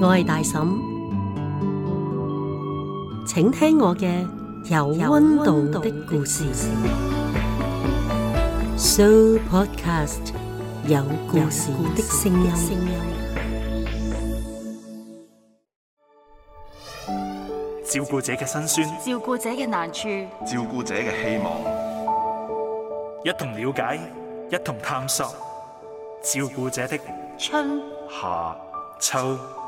我係大嬸，請聽我嘅有温度的故事。Show Podcast 有故事的聲音。照顧者嘅辛酸，照顧者嘅難處，照顧者嘅希望，一同了解，一同探索，照顧者的春、夏、秋。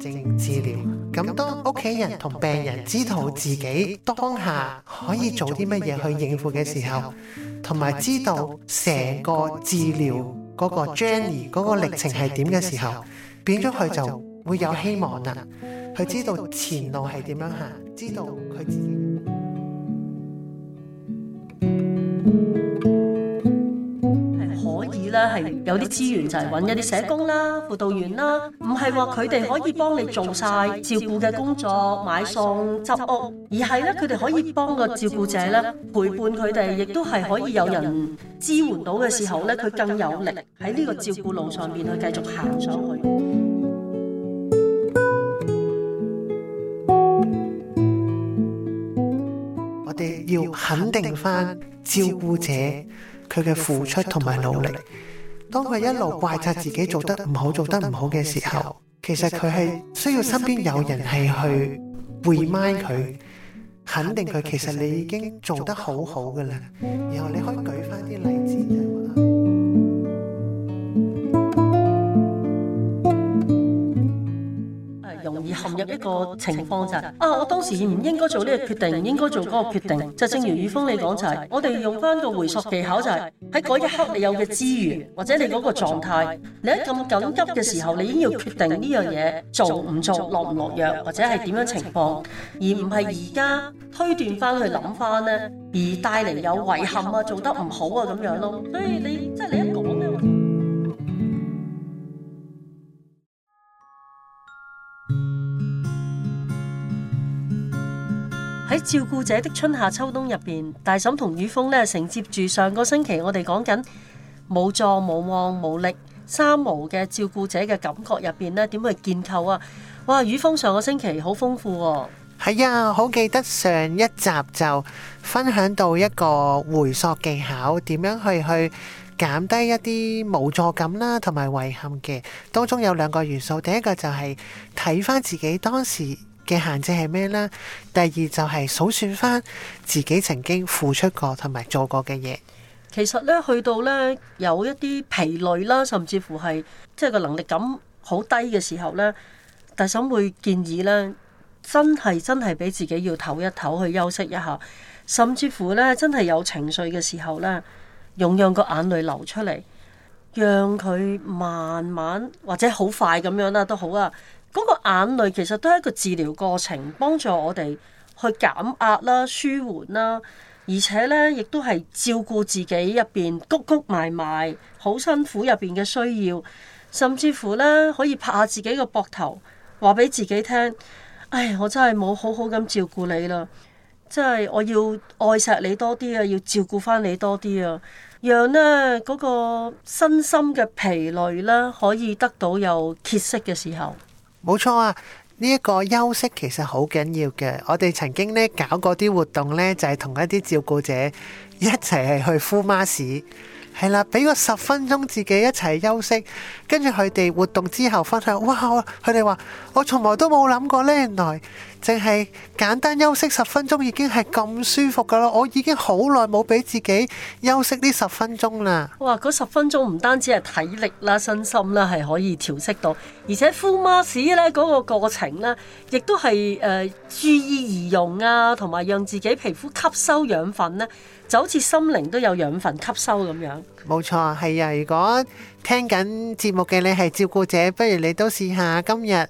正治療，咁當屋企人同病人知道自己當下可以做啲乜嘢去應付嘅時候，同埋知道成個治療嗰個 journey 嗰個歷程係點嘅時候，變咗佢就會有希望啦。佢知道前路係點樣行，知道佢自己。係有啲資源就係揾一啲社工啦、輔導員啦，唔係話佢哋可以幫你做晒照顧嘅工作、買餸、執屋，而係咧佢哋可以幫個照顧者咧陪伴佢哋，亦都係可以有人支援到嘅時候咧，佢更有力喺呢個照顧路上面去繼續行上去。我哋要肯定翻照顧者佢嘅付出同埋努力。當佢一路怪責自己做得唔好，做得唔好嘅時候，其實佢係需要身邊有人係去 remind 佢，肯定佢。其實你已經做得好好嘅啦，然後你可以舉翻啲例。陷入一個情況就係、是、啊，我當時唔應該做呢個決定，應該做嗰個決定。就正如宇峰你講就係，我哋用翻個回溯技巧就係喺嗰一刻你有嘅資源，或者你嗰個狀態，你喺咁緊急嘅時候，你已經要決定呢樣嘢做唔做，落唔落藥，或者係點樣情況，而唔係而家推斷翻去諗翻咧，而帶嚟有遺憾啊，做得唔好啊咁樣咯。所以你即係。即係你喺照顧者的春夏秋冬入邊，大嬸同宇峰咧，承接住上個星期我哋講緊冇助冇望冇力三無嘅照顧者嘅感覺入邊咧，點去建構啊？哇！宇峰上個星期好豐富喎、哦。係啊，好記得上一集就分享到一個回溯技巧，點樣去去減低一啲無助感啦，同埋遺憾嘅。當中有兩個元素，第一個就係睇翻自己當時。嘅限制係咩呢？第二就係數算翻自己曾經付出過同埋做過嘅嘢。其實咧，去到咧有一啲疲累啦，甚至乎係即係個能力感好低嘅時候咧，大嬸會建議咧，真係真係俾自己要唞一唞去休息一下，甚至乎咧真係有情緒嘅時候咧，容讓個眼淚流出嚟，讓佢慢慢或者好快咁樣啦都好啊。嗰個眼淚其實都係一個治療過程，幫助我哋去減壓啦、舒緩啦，而且咧亦都係照顧自己入邊谷谷埋埋、好辛苦入邊嘅需要，甚至乎咧可以拍下自己個膊頭，話俾自己聽：「唉，我真係冇好好咁照顧你啦！即係我要愛錫你多啲啊，要照顧翻你多啲啊，讓咧嗰個身心嘅疲累咧，可以得到有歇息嘅時候。冇錯啊！呢、這、一個休息其實好緊要嘅。我哋曾經咧搞過啲活動咧，就係、是、同一啲照顧者一齊係去敷馬屎，係啦、啊，俾個十分鐘自己一齊休息，跟住佢哋活動之後分享。哇！佢哋話：我從來都冇諗過呢耐。原來淨係簡單休息十分鐘已經係咁舒服噶啦，我已經好耐冇俾自己休息呢十分鐘啦。哇！嗰十分鐘唔單止係體力啦、身心啦，係可以調適到，而且敷 mask 咧嗰個過程咧，亦都係誒、呃，注意儀容啊，同埋讓自己皮膚吸收養分咧，就好似心靈都有養分吸收咁樣。冇錯，係啊！如果聽緊節目嘅你係照顧者，不如你都試下今日。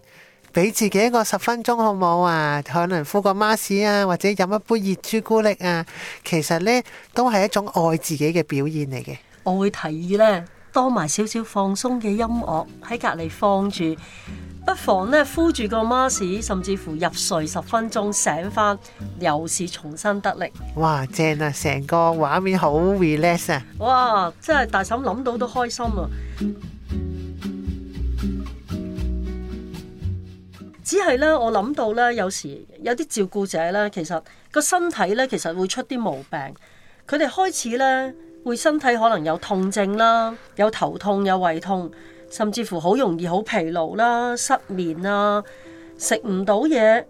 俾自己一個十分鐘，好冇啊？可能敷個 mask 啊，或者飲一杯熱朱古力啊，其實呢，都係一種愛自己嘅表現嚟嘅。我會提議呢，多埋少少放鬆嘅音樂喺隔離放住，不妨呢，敷住個 mask，甚至乎入睡十分鐘醒醒，醒翻又是重新得力。哇！正啊，成個畫面好 relax 啊！哇！真係大嫂諗到都開心啊！只係咧，我諗到咧，有時有啲照顧者咧，其實個身體咧，其實會出啲毛病。佢哋開始咧，會身體可能有痛症啦，有頭痛、有胃痛，甚至乎好容易好疲勞啦、失眠啊、食唔到嘢，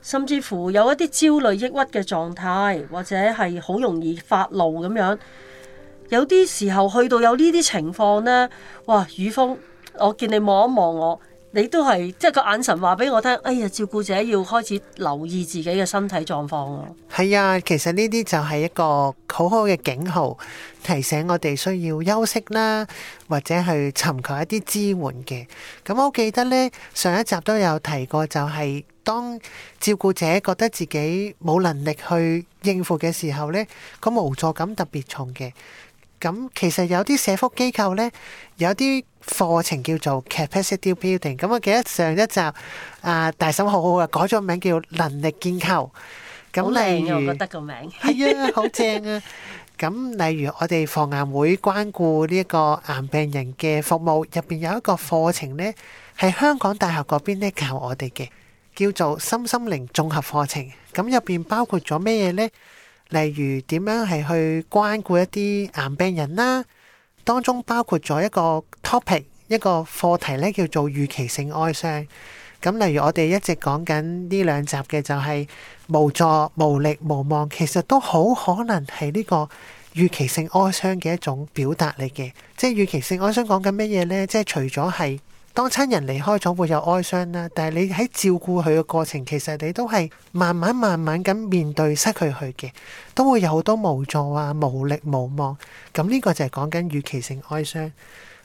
甚至乎有一啲焦慮、抑鬱嘅狀態，或者係好容易發怒咁樣。有啲時候去到有呢啲情況咧，哇！雨風，我見你望一望我。你都係即係個眼神話俾我聽，哎呀，照顧者要開始留意自己嘅身體狀況咯。係啊，其實呢啲就係一個好好嘅警號，提醒我哋需要休息啦，或者去尋求一啲支援嘅。咁我記得呢，上一集都有提過、就是，就係當照顧者覺得自己冇能力去應付嘅時候，呢個無助感特別重嘅。咁其實有啲社福機構呢，有啲課程叫做 capacity building。咁我記得上一集啊，大嬸好好嘅改咗名叫能力建構。咁例如、啊，我覺得個名係、 哎、啊，好正啊。咁例如，我哋防癌會關顧呢一個癌病人嘅服務，入邊有一個課程呢，係香港大學嗰邊呢教我哋嘅，叫做心心靈綜合課程。咁入邊包括咗咩嘢呢？例如點樣係去關顧一啲癌病人啦，當中包括咗一個 topic，一個課題咧，叫做預期性哀傷。咁例如我哋一直講緊呢兩集嘅就係無助、無力、無望，其實都好可能係呢個預期性哀傷嘅一種表達嚟嘅。即係預期性哀傷講緊乜嘢咧？即係除咗係。當親人離開咗會有哀傷啦，但係你喺照顧佢嘅過程，其實你都係慢慢慢慢咁面對失去佢嘅，都會有好多無助啊、無力、無望。咁呢個就係講緊預期性哀傷。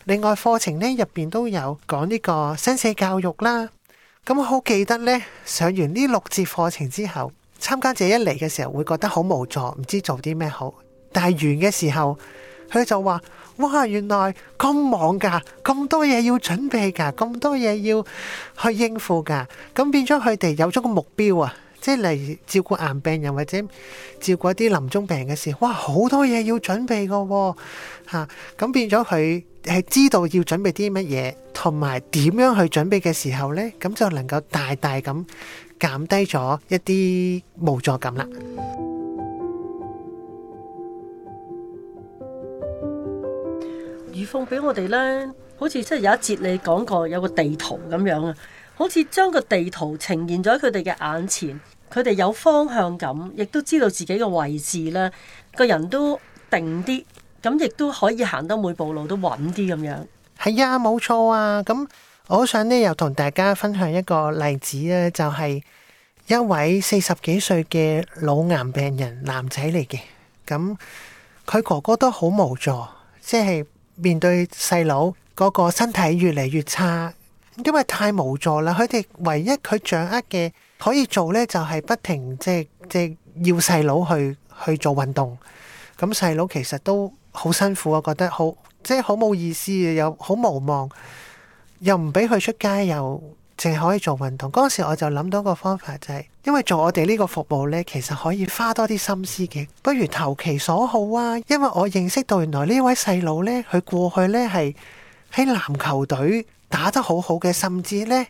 另外課程呢，入邊都有講呢個生死教育啦。咁好記得呢，上完呢六節課程之後，參加者一嚟嘅時候會覺得好無助，唔知做啲咩好。但係完嘅時候。佢就話：，哇，原來咁忙噶，咁多嘢要準備噶，咁多嘢要去應付噶，咁變咗佢哋有咗個目標啊，即係嚟照顧癌病人或者照顧啲臨終病人嘅時，哇，好多嘢要準備噶，吓、啊，咁變咗佢係知道要準備啲乜嘢，同埋點樣去準備嘅時候呢，咁就能夠大大咁減低咗一啲無助感啦。俾我哋咧，好似即係有一節你講過有個地圖咁樣啊，好似將個地圖呈現咗佢哋嘅眼前，佢哋有方向感，亦都知道自己嘅位置啦。個人都定啲，咁亦都可以行得每步路都穩啲咁樣。係啊，冇錯啊。咁我想呢，又同大家分享一個例子咧，就係、是、一位四十幾歲嘅老癌病人男仔嚟嘅。咁佢哥哥都好無助，即係。面對細佬嗰個身體越嚟越差，因為太無助啦。佢哋唯一佢掌握嘅可以做呢，就係、是、不停即係即係要細佬去去做運動。咁細佬其實都好辛苦，啊，我覺得好即係好冇意思，又好無望，又唔俾佢出街又。淨係可以做運動，嗰時我就諗到個方法就係、是，因為做我哋呢個服務呢，其實可以花多啲心思嘅，不如投其所好啊！因為我認識到原來呢位細佬呢，佢過去呢係喺籃球隊打得好好嘅，甚至呢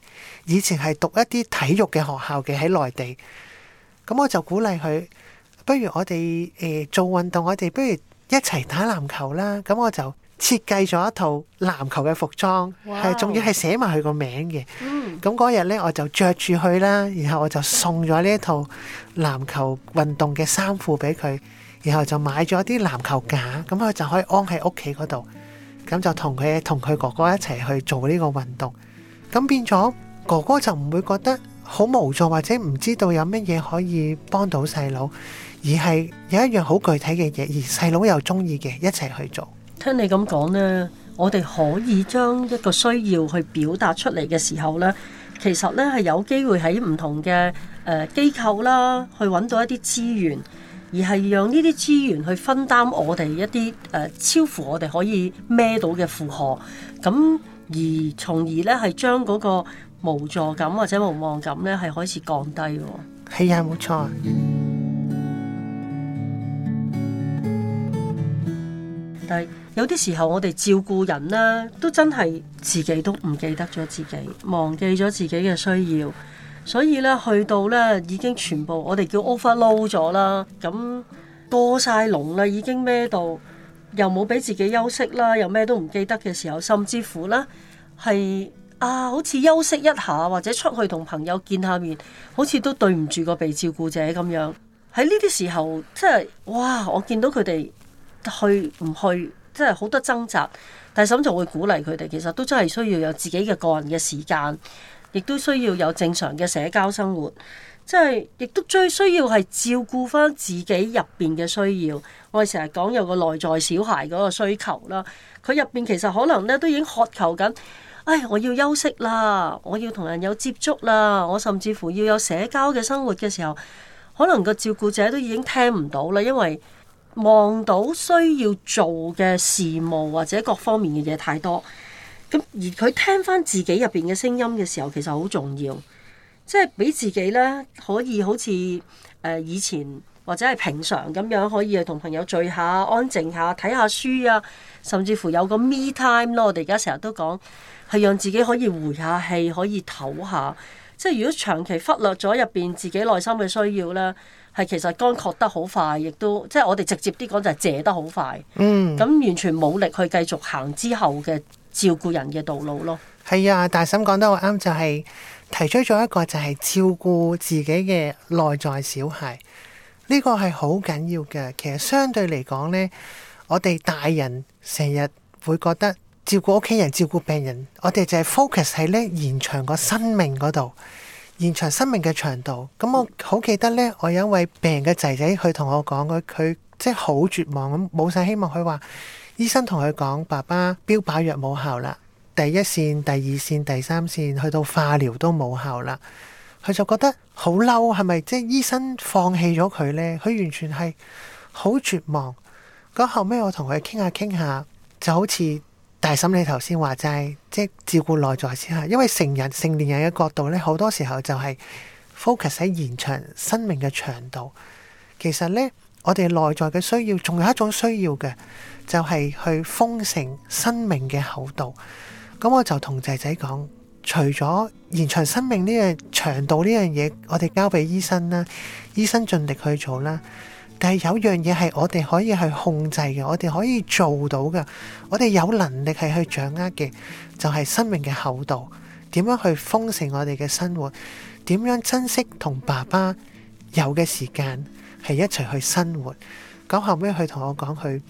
以前係讀一啲體育嘅學校嘅喺內地，咁我就鼓勵佢，不如我哋誒、呃、做運動，我哋不如一齊打籃球啦！咁我就。設計咗一套籃球嘅服裝，仲要係寫埋佢個名嘅。咁嗰、mm. 日咧，我就着住佢啦，然後我就送咗呢一套籃球運動嘅衫褲俾佢，然後就買咗啲籃球架，咁佢就可以安喺屋企嗰度。咁就同佢同佢哥哥一齊去做呢個運動。咁變咗哥哥就唔會覺得好無助，或者唔知道有乜嘢可以幫到細佬，而係有一樣好具體嘅嘢，而細佬又中意嘅一齊去做。聽你咁講呢，我哋可以將一個需要去表達出嚟嘅時候呢，其實呢係有機會喺唔同嘅誒機構啦，去揾到一啲資源，而係讓呢啲資源去分擔我哋一啲誒、呃、超乎我哋可以孭到嘅負荷，咁而從而呢係將嗰個無助感或者無望感呢係開始降低。哦。係啊，冇錯。係有啲時候我哋照顧人啦，都真係自己都唔記得咗自己，忘記咗自己嘅需要，所以咧去到咧已經全部我哋叫 overload 咗啦，咁多晒籠啦，已經孭到，又冇俾自己休息啦，又咩都唔記得嘅時候，甚至乎咧係啊，好似休息一下或者出去同朋友見下面，好似都對唔住個被照顧者咁樣。喺呢啲時候，即係哇，我見到佢哋。去唔去，即係好多掙扎。大嬸就仲會鼓勵佢哋，其實都真係需要有自己嘅個人嘅時間，亦都需要有正常嘅社交生活。即係，亦都最需要係照顧翻自己入邊嘅需要。我哋成日講有個內在小孩嗰個需求啦，佢入邊其實可能咧都已經渴求緊，唉，我要休息啦，我要同人有接觸啦，我甚至乎要有社交嘅生活嘅時候，可能個照顧者都已經聽唔到啦，因為。望到需要做嘅事務或者各方面嘅嘢，太多，咁而佢聽翻自己入邊嘅聲音嘅時候，其實好重要，即係俾自己咧，可以好似誒以前或者係平常咁樣，可以同朋友聚下，安靜下，睇下書啊，甚至乎有個 me time 咯。我哋而家成日都講，係讓自己可以回下氣，可以唞下。即係如果長期忽略咗入邊自己內心嘅需要咧。係其實乾涸得好快，亦都即係我哋直接啲講就係借得好快，咁、嗯、完全冇力去繼續行之後嘅照顧人嘅道路咯。係啊，大嬸講得好啱，就係、是、提出咗一個就係照顧自己嘅內在小孩，呢個係好緊要嘅。其實相對嚟講呢，我哋大人成日會覺得照顧屋企人、照顧病人，我哋就係 focus 喺咧延長個生命嗰度。延長生命嘅長度，咁我好記得咧，我有一位病人嘅仔仔，佢同我講，佢佢即係好絕望咁，冇晒希望。佢話醫生同佢講：爸爸標靶藥冇效啦，第一線、第二線、第三線，去到化療都冇效啦。佢就覺得好嬲，係咪即係醫生放棄咗佢咧？佢完全係好絕望。咁後尾我同佢傾下傾下，就好似～但係，你頭先話就係即係照顧內在先啦，因為成人成年人嘅角度咧，好多時候就係 focus 喺延長生命嘅長度。其實咧，我哋內在嘅需要，仲有一種需要嘅，就係去豐盛生命嘅厚度。咁我就同仔仔講，除咗延長生命呢樣長度呢樣嘢，我哋交俾醫生啦，醫生盡力去做啦。但係有樣嘢係我哋可以去控制嘅，我哋可以做到嘅。我哋有能力係去掌握嘅，就係生命嘅厚度，點樣去豐盛我哋嘅生活，點樣珍惜同爸爸有嘅時間係一齊去生活。咁後尾，佢同我講，佢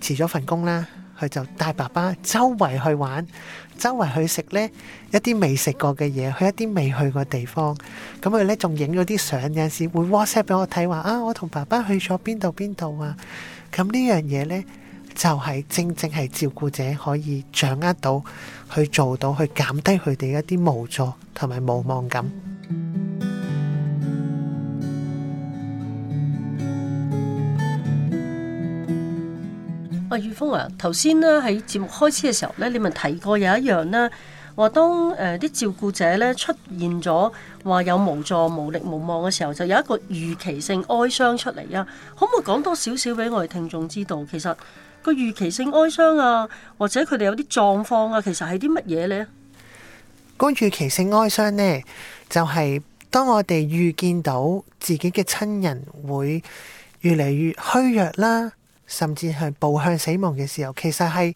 辭咗份工啦，佢就帶爸爸周圍去玩。周圍去食呢，一啲未食過嘅嘢，去一啲未去過地方，咁佢咧仲影咗啲相，有陣時會 WhatsApp 俾我睇，話啊我同爸爸去咗邊度邊度啊，咁呢樣嘢呢，就係正正係照顧者可以掌握到，去做到去減低佢哋一啲無助同埋無望感。月峰啊，頭先咧喺節目開始嘅時候咧，你咪提過有一樣咧，話當誒啲、呃、照顧者咧出現咗話有無助、無力、無望嘅時候，就有一個預期性哀傷出嚟啊！可唔可以講多少少俾我哋聽眾知道，其實、個預期性哀傷啊，或者佢哋有啲狀況啊，其實係啲乜嘢呢？個預期性哀傷呢，就係、是、當我哋預見到自己嘅親人會越嚟越虛弱啦。甚至係步向死亡嘅時候，其實係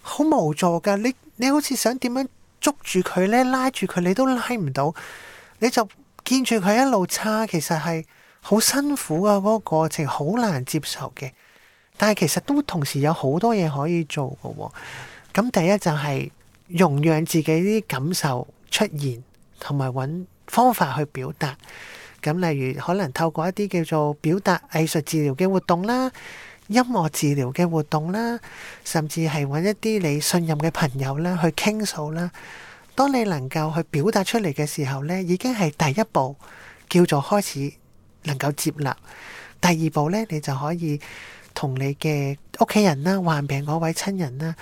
好無助噶。你，你好似想點樣捉住佢咧，拉住佢，你都拉唔到。你就見住佢一路差，其實係好辛苦啊。嗰個過程好難接受嘅，但係其實都同時有好多嘢可以做嘅，咁第一就係容讓自己呢啲感受出現，同埋揾方法去表達。咁例如可能透過一啲叫做表達藝術治療嘅活動啦。音樂治療嘅活動啦，甚至係搵一啲你信任嘅朋友啦去傾訴啦。當你能夠去表達出嚟嘅時候咧，已經係第一步，叫做開始能夠接納。第二步咧，你就可以同你嘅屋企人啦、患病嗰位親人啦，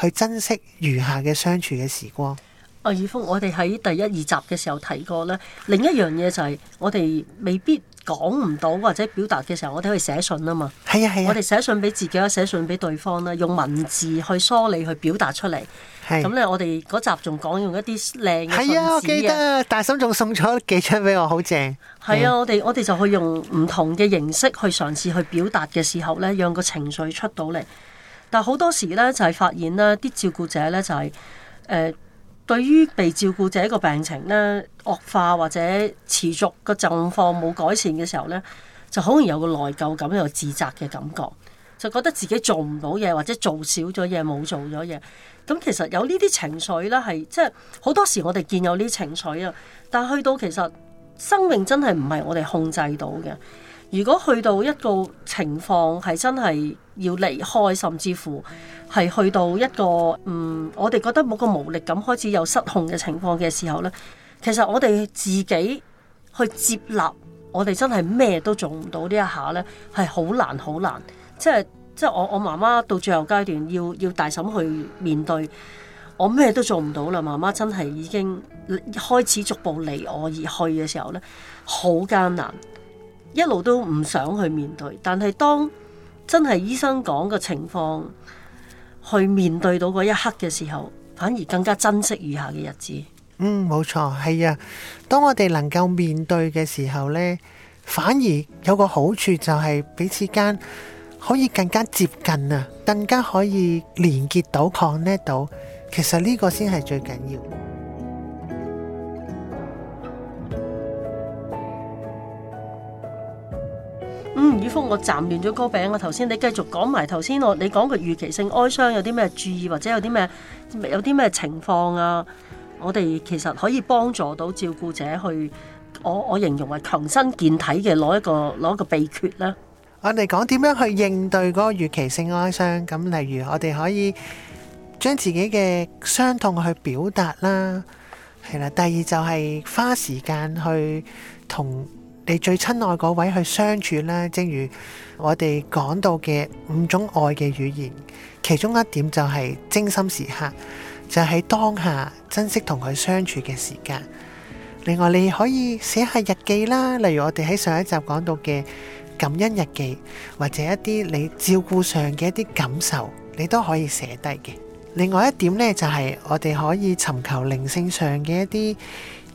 去珍惜餘下嘅相處嘅時光。啊，雨風，我哋喺第一二集嘅時候提過啦，另一樣嘢就係我哋未必，講唔到或者表達嘅時候，我哋可以寫信啊嘛。係啊係啊，啊我哋寫信俾自己啦，寫信俾對方啦，用文字去梳理去表達出嚟。咁咧、啊啊，我哋嗰集仲講用一啲靚嘅。係啊，我記得大心仲送咗幾張俾我，好正。係啊，我哋我哋就去用唔同嘅形式去嘗試去表達嘅時候咧，讓個情緒出到嚟。但係好多時咧就係、是、發現咧，啲照顧者咧就係、是、誒。呃對於被照顧者個病情咧惡化或者持續個狀況冇改善嘅時候咧，就好容易有個內疚感，有自責嘅感覺，就覺得自己做唔到嘢或者做少咗嘢、冇做咗嘢。咁其實有呢啲情緒咧，係即係好多時我哋見有呢啲情緒啊，但係去到其實生命真係唔係我哋控制到嘅。如果去到一個情況係真係要離開，甚至乎係去到一個嗯，我哋覺得冇個無力感，開始有失控嘅情況嘅時候呢。其實我哋自己去接納，我哋真係咩都做唔到呢一下呢？係好難好難。即係即係我我媽媽到最後階段要要大嬸去面對，我咩都做唔到啦。媽媽真係已經開始逐步離我而去嘅時候呢，好艱難，一路都唔想去面對。但係當真係醫生講嘅情況，去面對到嗰一刻嘅時候，反而更加珍惜餘下嘅日子。嗯，冇錯，係啊。當我哋能夠面對嘅時候呢，反而有個好處就係彼此間可以更加接近啊，更加可以連結到、connect 到。其實呢個先係最緊要。嗯，雨峰，我暫亂咗個餅。我頭先，你繼續講埋頭先，我你講個預期性哀傷有啲咩注意，或者有啲咩有啲咩情況啊？我哋其實可以幫助到照顧者去，我我形容為強身健體嘅攞一個攞一個秘訣啦。我哋講點樣去應對嗰個預期性哀傷？咁例如我哋可以將自己嘅傷痛去表達啦。係啦，第二就係花時間去同。你最親愛嗰位去相處啦。正如我哋講到嘅五種愛嘅語言，其中一點就係精心時刻，就喺當下珍惜同佢相處嘅時間。另外，你可以寫下日記啦，例如我哋喺上一集講到嘅感恩日記，或者一啲你照顧上嘅一啲感受，你都可以寫低嘅。另外一點呢，就係我哋可以尋求靈性上嘅一啲。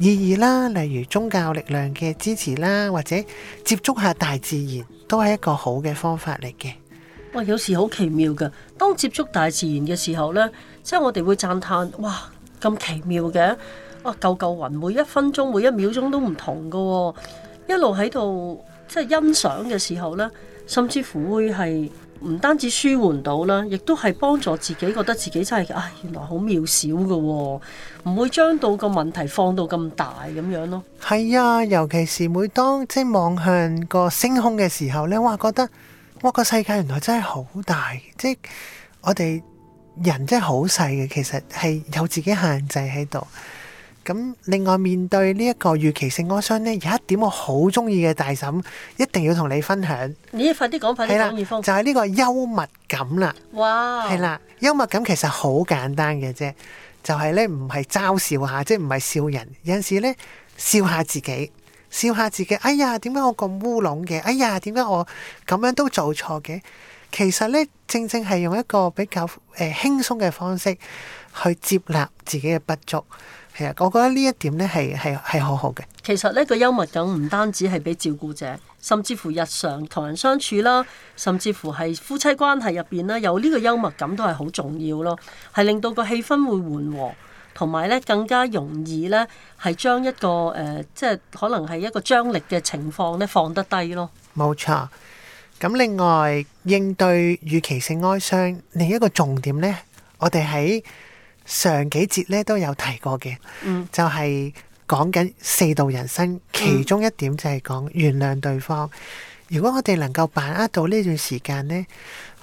意義啦，例如宗教力量嘅支持啦，或者接觸下大自然，都係一個好嘅方法嚟嘅。喂，有時好奇妙嘅，當接觸大自然嘅時候呢，即係我哋會讚歎，哇，咁奇妙嘅，哇、啊，嚿嚿雲每一分鐘、每一秒鐘都唔同㗎喎、哦，一路喺度即係欣賞嘅時候呢，甚至乎會係。唔單止舒緩到啦，亦都係幫助自己覺得自己真係，唉、哎，原來好渺小嘅，哦，唔會將到個問題放到咁大咁樣咯，哦。係啊，尤其是每當即望向個星空嘅時候咧，哇，覺得我，這個世界原來真係好大，即我哋人真係好細嘅，其實係有自己限制喺度。咁另外，面對呢一個預期性哀傷咧，有一點我好中意嘅大嬸，一定要同你分享。你快啲講，了快啲講，以方就係呢個幽默感啦。哇 Wow，係啦，幽默感其實好簡單嘅啫，就係咧唔係嘲笑下，即係唔係笑人，有陣時咧笑下自己，笑下自己。哎呀，點解我咁烏龍嘅？哎呀，點解我咁樣都做錯嘅？其實咧，正正係用一個比較誒輕鬆嘅方式去接納自己嘅不足。我覺得呢一點咧係係係好好嘅。其實呢個幽默感唔單止係俾照顧者，甚至乎日常同人相處啦，甚至乎係夫妻關係入邊啦，有呢個幽默感都係好重要咯，係令到個氣氛會緩和，同埋咧更加容易咧係將一個誒、呃，即係可能係一個張力嘅情況咧放得低咯。冇錯。咁另外，應對預期性哀傷另一個重點咧，我哋喺上幾節咧都有提過嘅，嗯、就係講緊四道人生，嗯、其中一點就係講原諒對方。如果我哋能夠把握到呢段時間呢，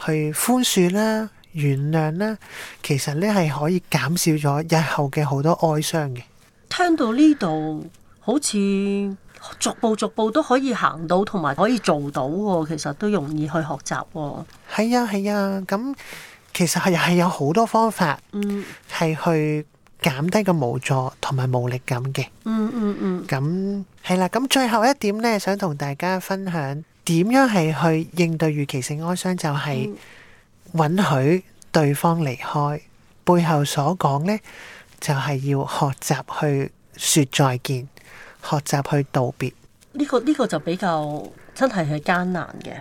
去寬恕啦、原諒啦，其實咧係可以減少咗日後嘅好多哀傷嘅。聽到呢度好似逐步逐步都可以行到，同埋可以做到喎、哦。其實都容易去學習喎、哦。係啊，係啊，咁。其實係係有好多方法，係去減低個無助同埋無力感嘅。嗯。嗯嗯嗯。咁係啦，咁最後一點咧，想同大家分享點樣係去應對預期性哀傷，就係允許對方離開。背後所講咧，就係要學習去說再見，學習去道別。呢個呢個就比較真係係艱難嘅。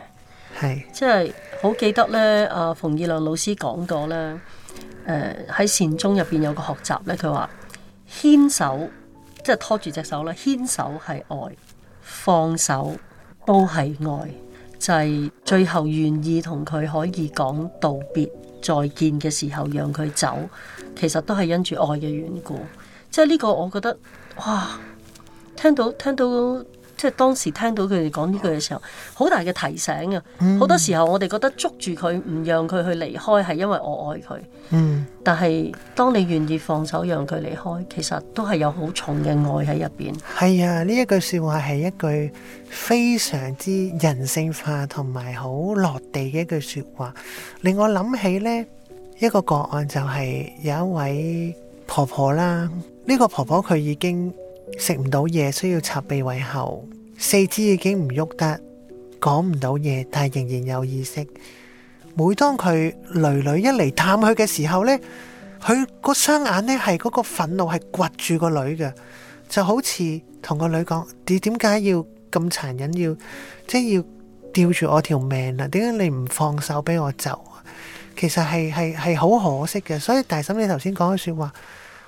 係，是 即係好記得咧，阿、啊、馮義亮老師講過咧，誒喺善終入邊有個學習咧，佢話牽手即係拖住隻手咧，牽手係愛，放手都係愛，就係、是、最後願意同佢可以講道別再見嘅時候，讓佢走，其實都係因住愛嘅緣故，即係呢個我覺得哇，聽到聽到。即係當時聽到佢哋講呢句嘅時候，好大嘅提醒啊！嗯，好多時候我哋覺得捉住佢，唔讓佢去離開，係因為我愛佢。嗯，但係當你願意放手讓佢離開，其實都係有好重嘅愛喺入邊。係啊，呢一句説話係一句非常之人性化同埋好落地嘅一句説話，令我諗起呢一個個案，就係有一位婆婆啦。呢個婆婆佢已經。食唔到嘢，需要插鼻胃喉，四肢已經唔喐得，講唔到嘢，但係仍然有意識。每當佢女女一嚟探佢嘅時候呢，佢個雙眼呢，係嗰個憤怒係掘住個女嘅，就好似同個女講：你點解要咁殘忍，要即係要吊住我條命啊？點解你唔放手俾我走啊？其實係係係好可惜嘅。所以大嬸，你頭先講嘅說話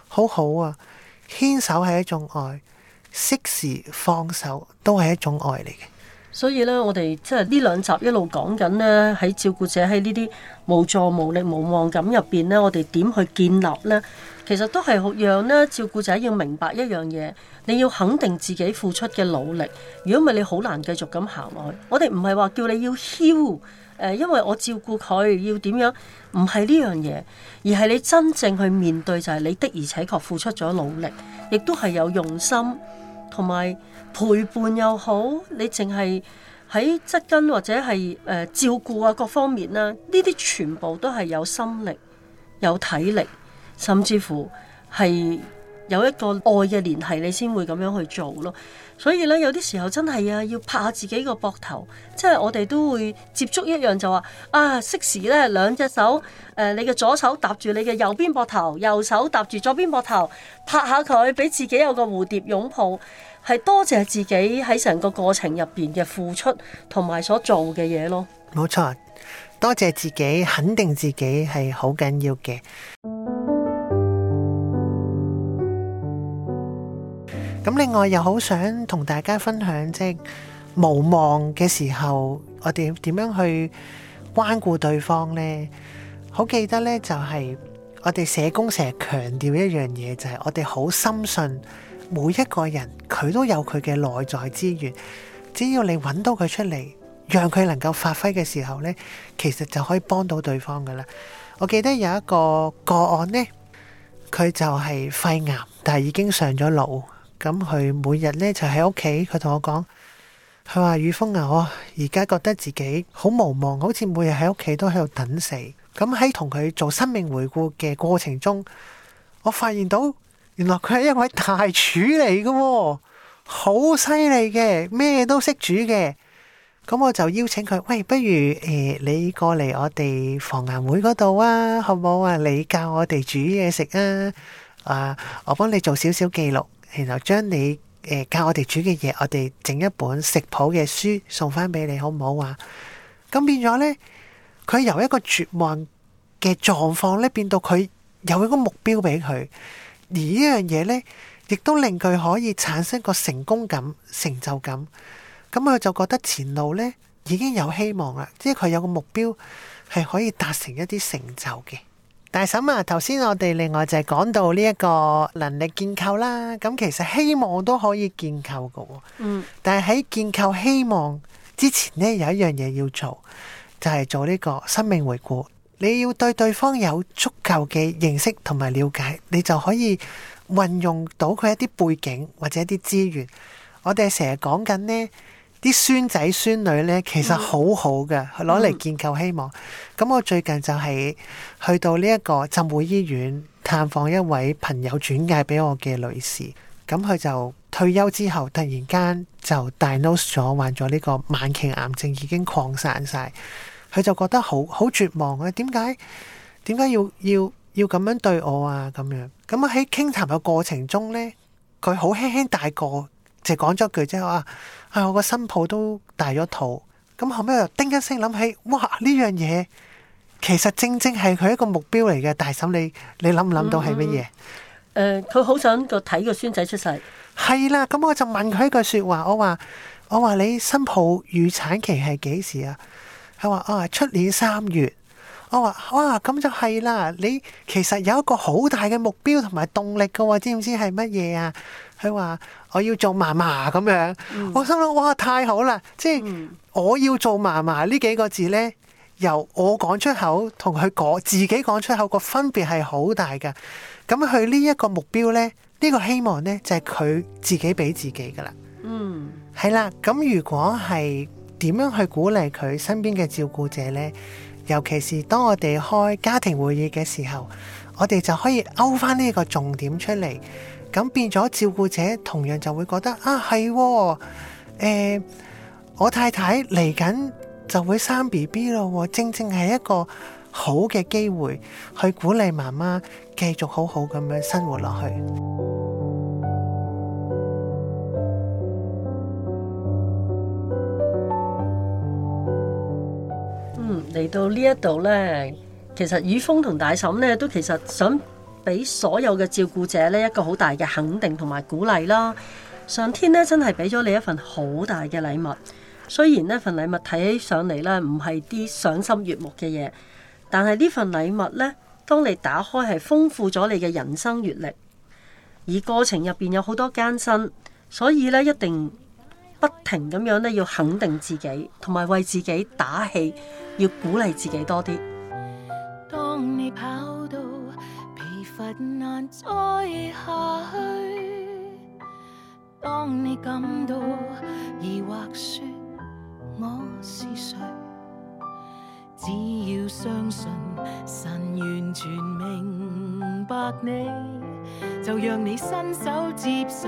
好好啊。牽手係一種愛，適時放手都係一種愛嚟嘅。所以咧，我哋即係呢兩集一路講緊咧，喺照顧者喺呢啲無助、無力、無望感入邊咧，我哋點去建立呢？其實都係好讓咧照顧者要明白一樣嘢，你要肯定自己付出嘅努力。如果唔係，你好難繼續咁行落去。我哋唔係話叫你要囂誒，因為我照顧佢要點樣，唔係呢樣嘢，而係你真正去面對就係你的而且確付出咗努力，亦都係有用心，同埋陪伴又好，你淨係喺側跟或者係誒照顧啊各方面啦，呢啲全部都係有心力、有體力，甚至乎係。有一個愛嘅聯繫，你先會咁樣去做咯。所以咧，有啲時候真係啊，要拍下自己個膊頭。即係我哋都會接觸一樣，就話啊，息時咧，兩隻手誒、呃，你嘅左手搭住你嘅右邊膊頭，右手搭住左邊膊頭，拍下佢，俾自己有個蝴蝶擁抱，係多謝自己喺成個過程入邊嘅付出同埋所做嘅嘢咯。冇錯，多謝自己，肯定自己係好緊要嘅。咁另外又好想同大家分享，即係無望嘅時候，我哋點樣去關顧對方咧？好記得咧，就係我哋社工成日強調一樣嘢，就係我哋好深信每一個人佢都有佢嘅內在資源，只要你揾到佢出嚟，讓佢能夠發揮嘅時候咧，其實就可以幫到對方噶啦。我記得有一個個案咧，佢就係肺癌，但係已經上咗腦。咁佢每日咧就喺屋企，佢同我講，佢話雨峰啊，我而家覺得自己好無望，好似每日喺屋企都喺度等死。咁喺同佢做生命回顧嘅過程中，我發現到原來佢係一位大廚嚟嘅，好犀利嘅，咩都識煮嘅。咁我就邀請佢，喂，不如誒、欸、你過嚟我哋防癌會嗰度啊，好唔好啊？你教我哋煮嘢食啊，啊，我幫你做少少記錄。然後將你誒、呃、教我哋煮嘅嘢，我哋整一本食譜嘅書送翻俾你，好唔好啊？咁變咗咧，佢由一個絕望嘅狀況咧，變到佢有一個目標俾佢，而呢樣嘢咧，亦都令佢可以產生個成功感、成就感。咁佢就覺得前路咧已經有希望啦，即係佢有個目標係可以達成一啲成就嘅。大嬸啊，頭先我哋另外就係講到呢一個能力建構啦，咁其實希望都可以建構嘅。嗯，但係喺建構希望之前呢，有一樣嘢要做，就係做呢個生命回顧。你要對對方有足夠嘅認識同埋了解，你就可以運用到佢一啲背景或者一啲資源。我哋成日講緊呢，啲孫仔孫女咧，其實好好嘅，攞嚟、嗯、建構希望。咁我最近就係去到呢一個浸會醫院探訪一位朋友轉介俾我嘅女士，咁佢就退休之後突然間就 diagnose 咗患咗呢個晚期癌症，已經擴散晒。佢就覺得好好絕望啊！點解點解要要要咁樣對我啊？咁樣咁喺傾談嘅過程中咧，佢好輕輕帶過。就講咗句即係話，啊我個新抱都大咗肚，咁後尾又叮一聲諗起，哇呢樣嘢其實正正係佢一個目標嚟嘅。大嬸，你你諗唔諗到係乜嘢？誒、嗯，佢、呃、好想個睇個孫仔出世，係啦，咁、嗯、我就問佢一句說話，我話我話你新抱預產期係幾時啊？佢話啊出年三月。我話，哇咁就係啦，你其實有一個好大嘅目標同埋動力嘅喎、哦，知唔知係乜嘢啊？佢話，我要做嫲嫲咁樣，嗯、我心諗哇太好啦！即係、嗯、我要做嫲嫲呢幾個字呢，由我講出口同佢講自己講出口個分別係好大噶。咁佢呢一個目標呢，呢、呢個希望呢，就係、是、佢自己俾自己噶啦。嗯，係啦。咁如果係點樣去鼓勵佢身邊嘅照顧者呢？尤其是當我哋開家庭會議嘅時候，我哋就可以勾翻呢個重點出嚟，咁變咗照顧者同樣就會覺得啊係、哦、誒，我太太嚟緊就會生 BB 咯，正正係一個好嘅機會去鼓勵媽媽繼續好好咁樣生活落去。嚟到呢一度呢，其實宇峰同大嬸呢都其實想俾所有嘅照顧者呢一個好大嘅肯定同埋鼓勵啦。上天呢真係俾咗你一份好大嘅禮物，雖然呢份禮物睇起上嚟呢唔係啲賞心悅目嘅嘢，但係呢份禮物呢，當你打開係豐富咗你嘅人生閱歷，而過程入邊有好多艱辛，所以呢一定，不停咁樣呢要肯定自己，同埋為自己打氣，要鼓勵自己多啲。當你跑到疲乏難再下去，當你感到疑惑說我是誰，只要相信神完全明白你，就讓你伸手接受。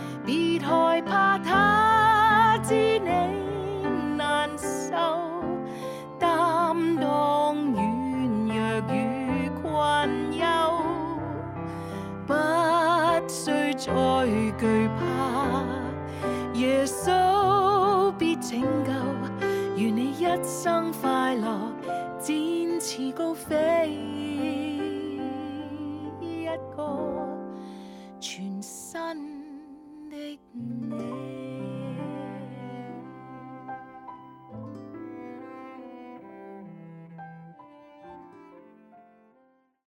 別害怕他，他知你難受，擔當軟弱與困憂，不需再懼怕，耶穌必拯救，願你一生快樂。